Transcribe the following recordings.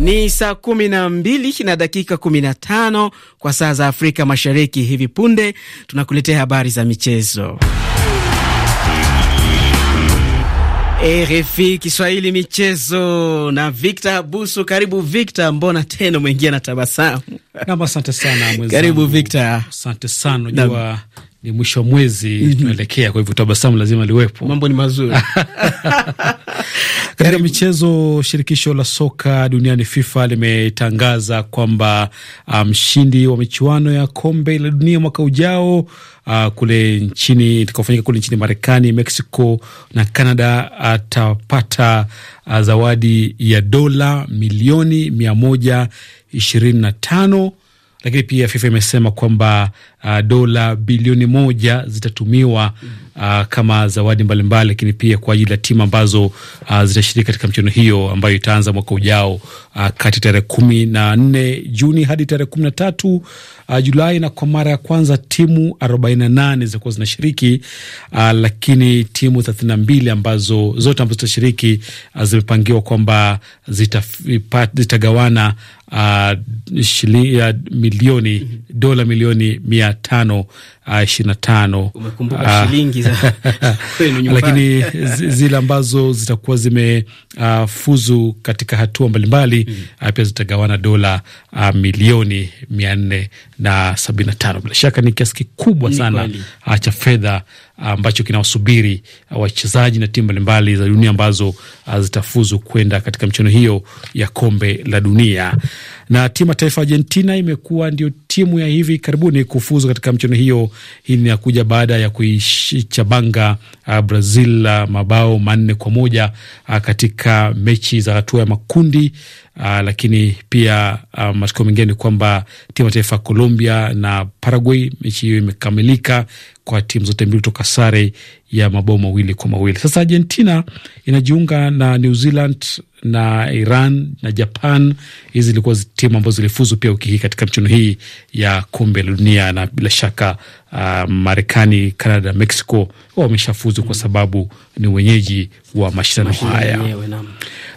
Ni saa kumi na mbili na dakika kumi na tano kwa saa za Afrika Mashariki. Hivi punde tunakuletea habari za michezo. RFI Kiswahili michezo na Victor Busu. Karibu Victor, mbona tena umeingia na tabasamu? Nam, asante sana mwenzangu. Karibu Victor. Asante sana, unajua ni mwisho wa mwezi mhm. tunaelekea, kwa hivyo tabasamu lazima liwepo. Mambo ni mazuri. Katika michezo, shirikisho la soka duniani FIFA limetangaza kwamba ah, mshindi um, wa michuano ya kombe la dunia mwaka ujao uh, kule nchini itakaofanyika kule nchini Marekani, Mexico na Canada atapata uh, zawadi ya dola milioni mia moja ishirini na tano lakini pia FIFA imesema kwamba uh, dola bilioni moja zitatumiwa uh, kama zawadi mbalimbali, lakini pia kwa ajili ya timu ambazo uh, zitashiriki katika mchezo hiyo ambayo itaanza mwaka ujao uh, kati tarehe kumi na nne Juni hadi tarehe kumi na tatu uh, Julai, na kwa mara ya kwanza timu arobaini na nane zitakuwa zinashiriki uh, lakini timu thelathini na mbili ambazo zote ambazo zitashiriki uh, zimepangiwa kwamba zitagawana uh, shili, uh, milioni dola milioni mia tano ishirini na tano ah. lakini zile ambazo zitakuwa zimefuzu ah, uh, katika hatua mbalimbali mm. Ah, pia zitagawana dola uh, milioni mia nne na sabini na tano. Bila shaka ni kiasi kikubwa sana uh, cha fedha ambacho kinawasubiri wachezaji na timu mbalimbali za dunia ambazo zitafuzu kwenda katika michano hiyo ya kombe la dunia. Na timu ya taifa Argentina imekuwa ndio timu ya hivi karibuni kufuzu katika mchezo hiyo. Hii inakuja baada ya kuichabanga ah, Brazil ah, mabao manne kwa moja ah, katika mechi za hatua ya makundi. Uh, lakini pia uh, matokeo mengine ni kwamba timu ya taifa ya Colombia na Paraguay, mechi hiyo imekamilika kwa timu zote mbili kutoka sare ya mabao mawili kwa mawili. Sasa Argentina inajiunga na New Zealand na Iran na Japan. Hizi zilikuwa timu ambazo zilifuzu pia wiki hii katika mchuano hii ya kombe la dunia, na bila shaka uh, Marekani, Canada, Mexico wameshafuzu kwa sababu ni wenyeji wa mashindano haya.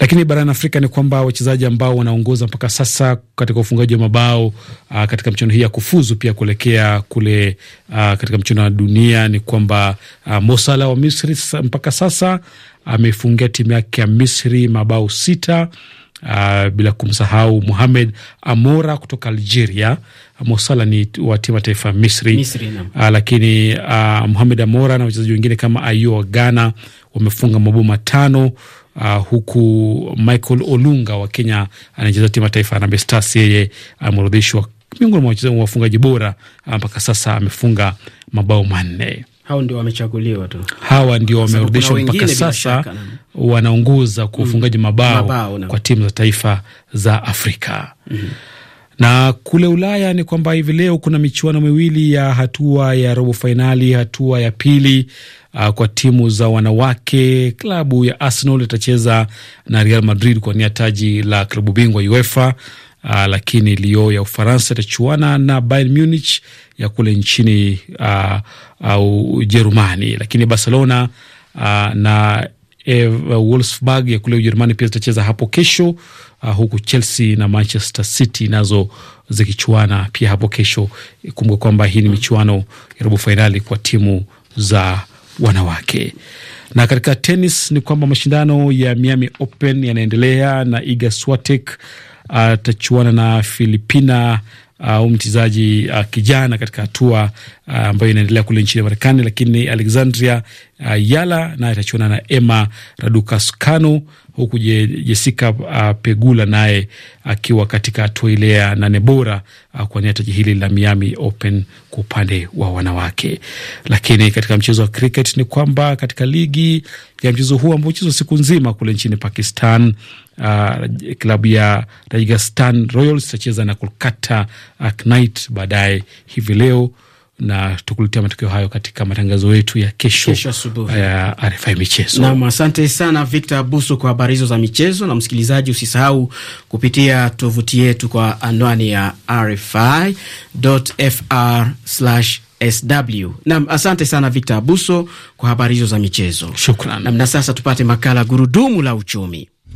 Lakini barani Afrika ni kwamba wachezaji ambao wanaongoza mpaka sasa katika ufungaji wa mabao uh, katika mchuano hii ya kufuzu pia kuelekea kule uh, katika mchuano wa dunia ni kwamba uh, Mo Salah wa Misri mpaka sasa ameifungia timu yake ya Misri mabao sita. Uh, bila kumsahau muhamed Amora kutoka Algeria. Mosala ni wa timu ya taifa ya Misri, Misri no. Uh, lakini uh, Muhamed Amora na wachezaji wengine kama Ayo wa Ghana wamefunga mabao matano. Uh, huku Michael Olunga wa Kenya anacheza timu ya taifa ya Harambee Stars, yeye ameorodheshwa miongoni mwa wafungaji bora uh, mpaka sasa, amefunga mabao manne hao ndio wamechaguliwa tu, hawa ndio wamerudhishwa mpaka sasa wanaongoza mm. kwa ufungaji mabao, mabao kwa timu za taifa za Afrika mm -hmm. Na kule Ulaya ni kwamba hivi leo kuna michuano miwili ya hatua ya robo fainali, hatua ya pili uh, kwa timu za wanawake. Klabu ya Arsenal itacheza na Real Madrid kwa nia taji la klabu bingwa UEFA Uh, lakini Lyon ya Ufaransa itachuana na Bayern Munich ya kule nchini ah, Ujerumani. Uh, uh, lakini Barcelona uh, na uh, Wolfsburg ya kule Ujerumani pia zitacheza hapo kesho, uh, huku Chelsea na Manchester City nazo zikichuana pia hapo kesho. Kumbuka kwamba hii ni michuano ya robo fainali kwa timu za wanawake na katika tenis ni kwamba mashindano ya Miami Open yanaendelea na Iga Swiatek atachuana na Filipina au uh, mchezaji uh, kijana katika hatua uh, ambayo inaendelea kule nchini Marekani, lakini Alexandria uh, Yala naye atachuana na Emma Raducanu, huku Jessica uh, Pegula naye akiwa uh, katika hatua ile ya nane bora uh, kuwania taji hili la Miami Open kwa upande wa wanawake. Lakini katika mchezo wa cricket ni kwamba katika ligi ya mchezo huu ambao uchezwa siku nzima kule nchini Pakistan uh, klabu ya Rajasthan Royals itacheza na Kolkata uh, Knight baadaye hivi leo, na tukuletea matokeo hayo katika matangazo yetu ya kesho, kesho asubuhi ya uh, RFI Michezo. Naam, asante sana Victor Buso kwa habari hizo za michezo. Na msikilizaji, usisahau kupitia tovuti yetu kwa anwani ya rfi.fr/sw. Naam, asante sana Victor Buso kwa habari hizo za michezo. Shukran. Naam, na sasa tupate makala gurudumu la uchumi.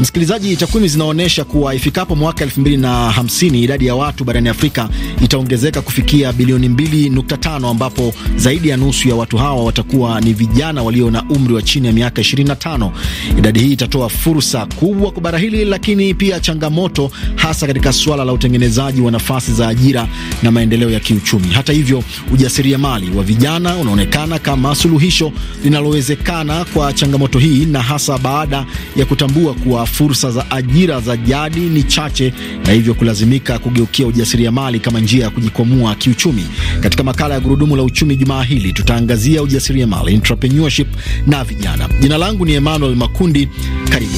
Msikilizaji, takwimu zinaonyesha kuwa ifikapo mwaka 2050 idadi ya watu barani Afrika itaongezeka kufikia bilioni 2.5 ambapo zaidi ya nusu ya watu hawa watakuwa ni vijana walio na umri wa chini ya miaka 25. Idadi hii itatoa fursa kubwa kwa bara hili, lakini pia changamoto, hasa katika suala la utengenezaji wa nafasi za ajira na maendeleo ya kiuchumi. Hata hivyo, ujasiriamali wa vijana unaonekana kama suluhisho linalowezekana kwa changamoto hii, na hasa baada ya kutambua kuwa fursa za ajira za jadi ni chache na hivyo kulazimika kugeukia ujasiriamali kama njia ya kujikwamua kiuchumi. Katika makala ya Gurudumu la Uchumi jumaa hili tutaangazia ujasiriamali, entrepreneurship na vijana. Jina langu ni Emmanuel Makundi. Karibu.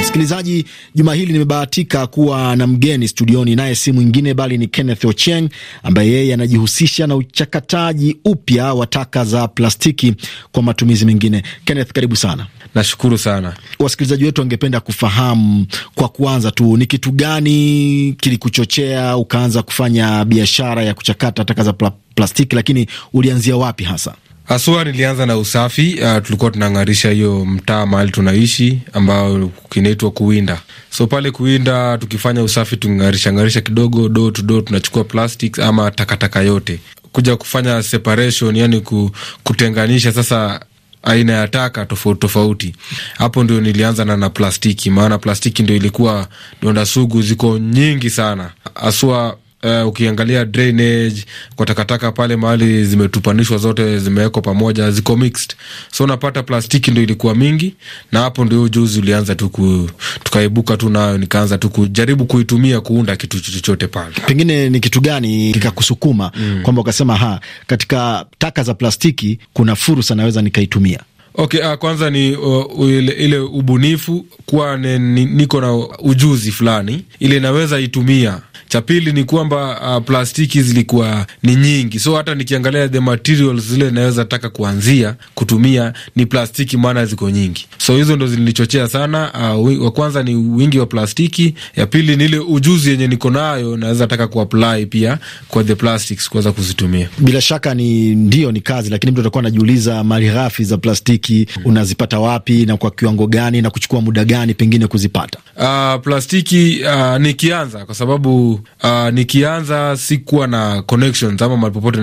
Msikilizaji, juma hili nimebahatika kuwa na mgeni studioni, naye si mwingine bali ni Kenneth Ocheng ambaye yeye anajihusisha na uchakataji upya wa taka za plastiki kwa matumizi mengine. Kenneth, karibu sana. Nashukuru sana. Wasikilizaji wetu wangependa kufahamu kwa kuanza tu, ni kitu gani kilikuchochea ukaanza kufanya biashara ya kuchakata taka za plastiki, lakini ulianzia wapi hasa? Asua nilianza na usafi. Uh, tulikuwa tunang'arisha hiyo mtaa mahali tunaishi ambayo kinaitwa kuwinda. So pale kuwinda, tukifanya usafi tung'arisha ng'arisha kidogo, do to do, tunachukua plastics ama takataka yote kuja kufanya separation, yani ku, kutenganisha sasa aina ya taka tofauti tofauti. Hapo ndio nilianza na na plastiki, maana plastiki ndio ilikuwa donda sugu, ziko nyingi sana asua Uh, ukiangalia drainage kwa takataka pale mahali zimetupanishwa zote zimewekwa pamoja, ziko mixed, so unapata plastiki ndo ilikuwa mingi, na hapo ndio juzi ulianza tu tukaibuka tu nayo, nikaanza tu kujaribu kuitumia kuunda kitu chochote pale. Pengine ni kitu gani kikakusukuma mm, kwamba ukasema ha, katika taka za plastiki kuna fursa naweza nikaitumia? Okay, uh, kwanza ni uh, ile, ile ubunifu kuwa niko na ujuzi fulani ile naweza itumia cha pili ni kwamba uh, plastiki zilikuwa ni nyingi, so hata nikiangalia the materials zile naweza taka kuanzia kutumia ni plastiki, maana ziko nyingi. So hizo ndo zilinichochea sana. Uh, wa kwanza ni wingi wa plastiki, ya pili ni ile ujuzi yenye niko nayo naweza taka kuapply pia kwa the plastics kuweza kuzitumia. Bila shaka ni ndio, ni kazi, lakini mtu atakuwa anajiuliza mali ghafi za plastiki hmm, unazipata wapi na kwa kiwango gani na kuchukua muda gani pengine kuzipata? Uh, plastiki uh, nikianza kwa sababu Uh, nikianza sikuwa na connections ama mali popote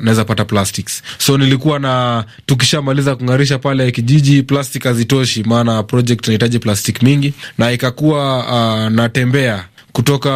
naweza pata plastics, so nilikuwa na, tukishamaliza kung'arisha pale kijiji, plastic hazitoshi, maana project nahitaji plastic mingi, na ikakuwa uh, natembea kutoka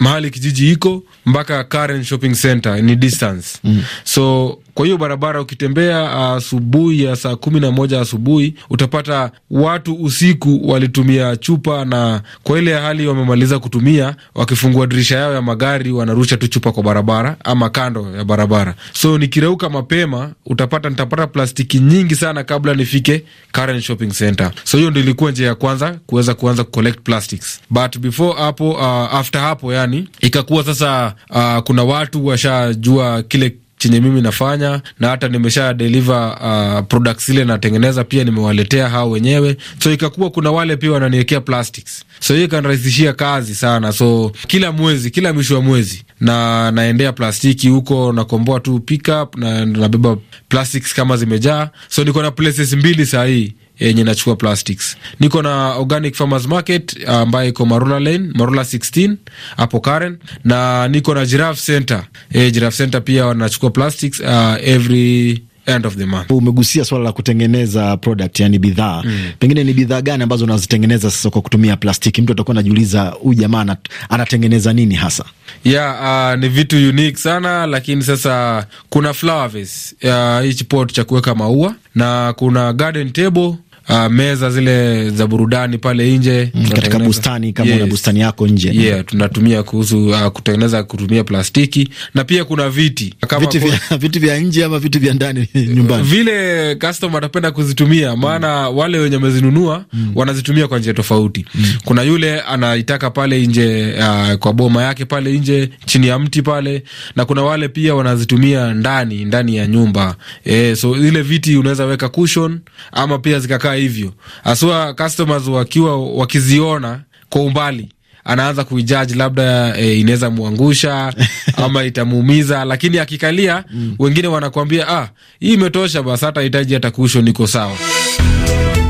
mahali kijiji iko mpaka Karen shopping center ni distance mm. so kwa hiyo barabara ukitembea uh, asubuhi ya saa kumi na moja asubuhi utapata watu usiku walitumia chupa, na kwa ile hali wamemaliza kutumia, wakifungua dirisha yao ya magari wanarusha tu chupa kwa barabara ama kando ya barabara. So nikireuka mapema utapata nitapata plastiki nyingi sana kabla nifike Karen Shopping Center. So hiyo ndo ilikuwa njia ya kwanza kuweza kuanza kucollect plastics, but before hapo, uh, after hapo yani ikakuwa sasa, uh, kuna watu washajua kile chenye mimi nafanya, na hata nimesha deliver uh, products ile natengeneza pia nimewaletea hao wenyewe, so ikakuwa kuna wale pia wananiwekea plastics, so hiyo ikanirahisishia kazi sana. So kila mwezi, kila mwisho wa mwezi na naendea plastiki huko, nakomboa tu pickup na nabeba plastics kama zimejaa, so niko na places mbili sahii yenye nachukua plastics. Niko na Organic Farmers Market ambayo iko Marula Lane, Marula 16 hapo Karen, na niko na Giraffe Center. E, Giraffe Center pia wanachukua plastics uh, every end of the month. Umegusia swala la kutengeneza product, yani bidhaa mm. Pengine ni bidhaa gani ambazo unazitengeneza sasa kwa kutumia plastiki? Mtu atakuwa anajiuliza huyu jamaa anatengeneza nini hasa? Yeah, uh, ni vitu unique sana, lakini sasa kuna flower vase, uh, hichi pot cha kuweka maua na kuna garden table uh, meza zile za burudani pale nje mm, katika bustani kama yes, una bustani yako nje yeah, tunatumia kuhusu uh, kutengeneza kutumia plastiki na pia kuna viti kama viti vya, viti vya nje ama viti vya ndani nyumbani, vile customer atapenda kuzitumia, maana mm, wale wenye wamezinunua mm, wanazitumia kwa njia tofauti mm. Kuna yule anaitaka pale nje uh, kwa boma yake pale nje chini ya mti pale, na kuna wale pia wanazitumia ndani ndani ya nyumba eh, so ile viti unaweza weka cushion ama pia zikakaa hivyo haswa customers wakiwa wakiziona kwa umbali anaanza kuijaji labda e, inaweza mwangusha ama itamuumiza, lakini akikalia mm. Wengine wanakuambia ah, hii imetosha basi, hata hitaji hata kusho, niko sawa.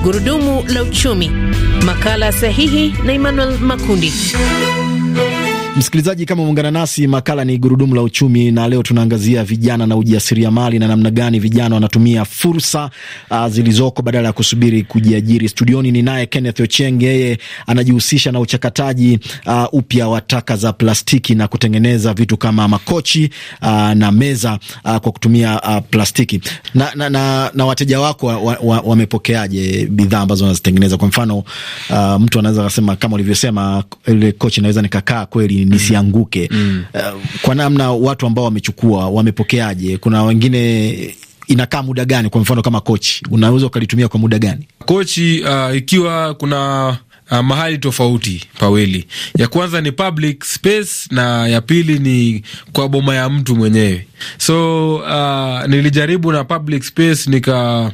Gurudumu la Uchumi, makala sahihi na Emmanuel Makundi. Msikilizaji, kama umeungana nasi, makala ni gurudumu la uchumi, na leo tunaangazia vijana na ujasiriamali na namna gani vijana wanatumia fursa uh, zilizoko badala ya kusubiri kujiajiri. Studioni ni naye Kenneth Ocheng, yeye anajihusisha na uchakataji uh, upya wa taka za plastiki na kutengeneza vitu kama makochi uh, na meza uh, kwa kutumia uh, plastiki. Na, na, na, na wateja wako wamepokeaje wa, wa, bidhaa ambazo wanazitengeneza? Kwa mfano uh, mtu anaweza kasema kama ulivyosema, ile kochi inaweza nikakaa kweli nisianguke mm. Uh, kwa namna watu ambao wamechukua wamepokeaje? Kuna wengine inakaa muda gani? Kwa mfano kama kochi, unaweza ukalitumia kwa muda gani kochi? Uh, ikiwa kuna Uh, mahali tofauti pawili, ya kwanza ni public space na ya pili ni kwa boma ya mtu mwenyewe. So uh, nilijaribu na public space nika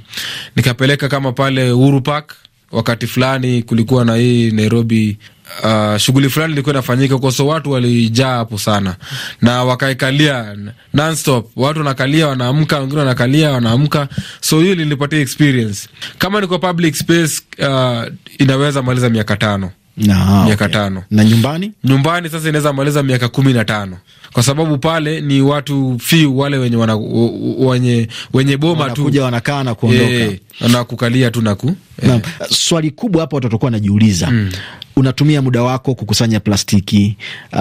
nikapeleka kama pale Uhuru Park wakati fulani kulikuwa na hii Nairobi uh, shughuli fulani ilikuwa inafanyika huko, so watu walijaa hapo sana na wakaikalia nonstop. Watu wanakalia wanaamka, wengine wanakalia wanaamka, so hiyo lilipatia experience. Kama niko public space uh, inaweza maliza miaka tano na, ah, miaka okay, tano na nyumbani nyumbani sasa inaweza maliza miaka kumi na tano kwa sababu pale ni watu fiu wale wenye wana, wenye, wenye boma tu wanakaa na kuondoka e, na kukalia tu naku e. Na, eh. swali kubwa hapa watu watakuwa wanajiuliza mm unatumia muda wako kukusanya plastiki uh,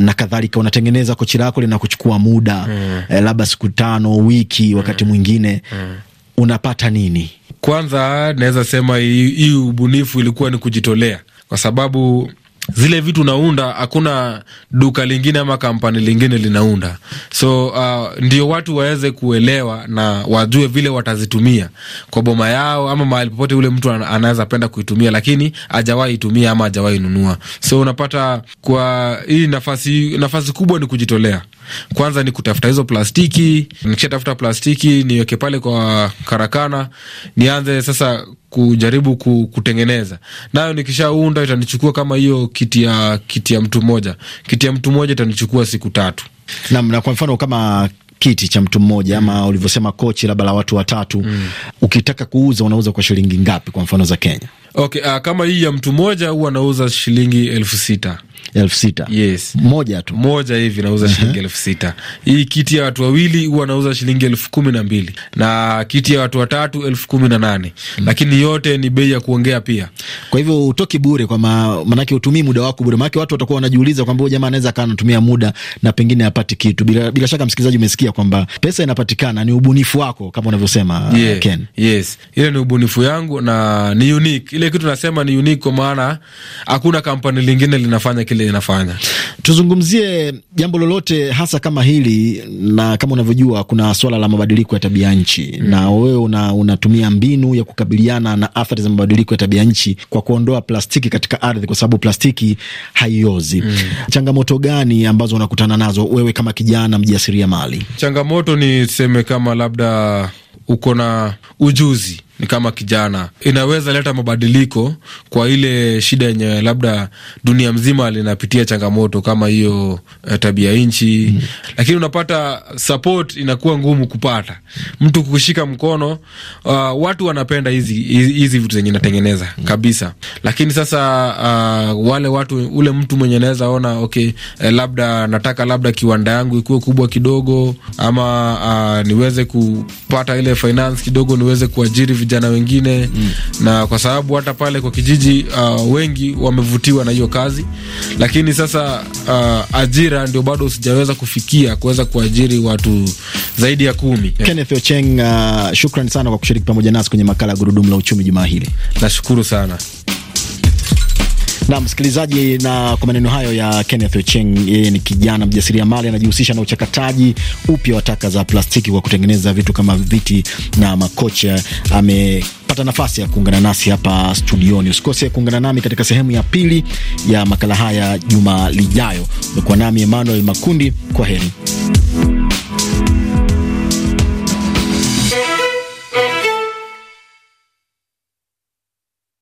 na kadhalika. Unatengeneza kochi lako linakuchukua muda mm. eh, labda siku tano, wiki, wakati hmm. mwingine mm. unapata nini? Kwanza naweza sema hii ubunifu ilikuwa ni kujitolea, kwa sababu zile vitu unaunda, hakuna duka lingine ama kampani lingine linaunda. So uh, ndio watu waweze kuelewa na wajue vile watazitumia kwa boma yao ama mahali popote ule mtu anaweza penda kuitumia, lakini ajawahi itumia ama ajawahi nunua. So unapata kwa hii nafasi, nafasi kubwa ni kujitolea kwanza ni kutafuta hizo plastiki. Nikishatafuta plastiki niweke pale kwa karakana, nianze sasa kujaribu kutengeneza nayo. Nikishaunda itanichukua kama hiyo kiti ya kiti ya mtu mmoja, kiti ya mtu mmoja itanichukua siku tatu. Naam, na kwa mfano kama kiti cha mtu mmoja mm. ama ulivyosema kochi labda la watu watatu mm. ukitaka kuuza unauza kwa shilingi ngapi, kwa mfano za Kenya? Okay, uh, kama hii ya mtu mmoja huwa anauza shilingi elfu sita elfu sita yes. Moja tu moja hivi nauza shilingi elfu sita Hii kiti ya watu wawili huwa nauza shilingi elfu kumi na mbili na kiti ya watu watatu elfu kumi na nane mm. Lakini yote ni bei ya kuongea pia, kwa hivyo utoki bure, kwa maanake utumii muda wako bure, maanake watu watakuwa wanajiuliza kwamba huyu jamaa anaweza akawa anatumia muda na pengine apati kitu. Bila, bila shaka msikilizaji, umesikia kwamba pesa inapatikana, ni ubunifu wako kama unavyosema yeah. Ken, yes, ile ni ubunifu yangu na ni unique ile ile kitu nasema ni unique kwa maana hakuna kampani lingine linafanya kile inafanya. Tuzungumzie jambo lolote hasa kama hili, na kama unavyojua kuna swala la mabadiliko ya tabia nchi mm. na wewe una, unatumia mbinu ya kukabiliana na athari za mabadiliko ya tabia nchi kwa kuondoa plastiki katika ardhi, kwa sababu plastiki haiozi mm. changamoto gani ambazo unakutana nazo wewe kama kijana mjasiriamali? Changamoto ni seme kama labda uko na ujuzi ni kama kijana inaweza leta mabadiliko kwa ile shida yenye labda dunia mzima linapitia changamoto kama hiyo eh, tabia nchi mm. Lakini unapata support inakuwa ngumu kupata mtu kushika mkono. Uh, watu wanapenda hizi hizi vitu zenye natengeneza mm. Mm-hmm. kabisa, lakini sasa uh, wale watu ule mtu mwenye naweza ona okay, eh, labda nataka labda kiwanda yangu ikuwe kubwa kidogo ama uh, niweze kupata ile finance kidogo niweze kuajiri vijana wengine mm. na kwa sababu hata pale kwa kijiji uh, wengi wamevutiwa na hiyo kazi, lakini sasa uh, ajira ndio bado sijaweza kufikia kuweza kuajiri watu zaidi ya kumi. Kenneth Ocheng, uh, shukran sana kwa kushiriki pamoja nasi kwenye makala ya gurudumu la uchumi jumaa hili. Nashukuru sana. Na msikilizaji, na kwa maneno hayo ya Kenneth Ocheng, yeye ni kijana mjasiriamali anajihusisha na uchakataji upya wa taka za plastiki kwa kutengeneza vitu kama viti na makocha. Amepata nafasi ya kuungana nasi hapa studioni. Usikose kuungana nami katika sehemu ya pili ya makala haya juma lijayo. Umekuwa nami Emmanuel Makundi, kwa heri.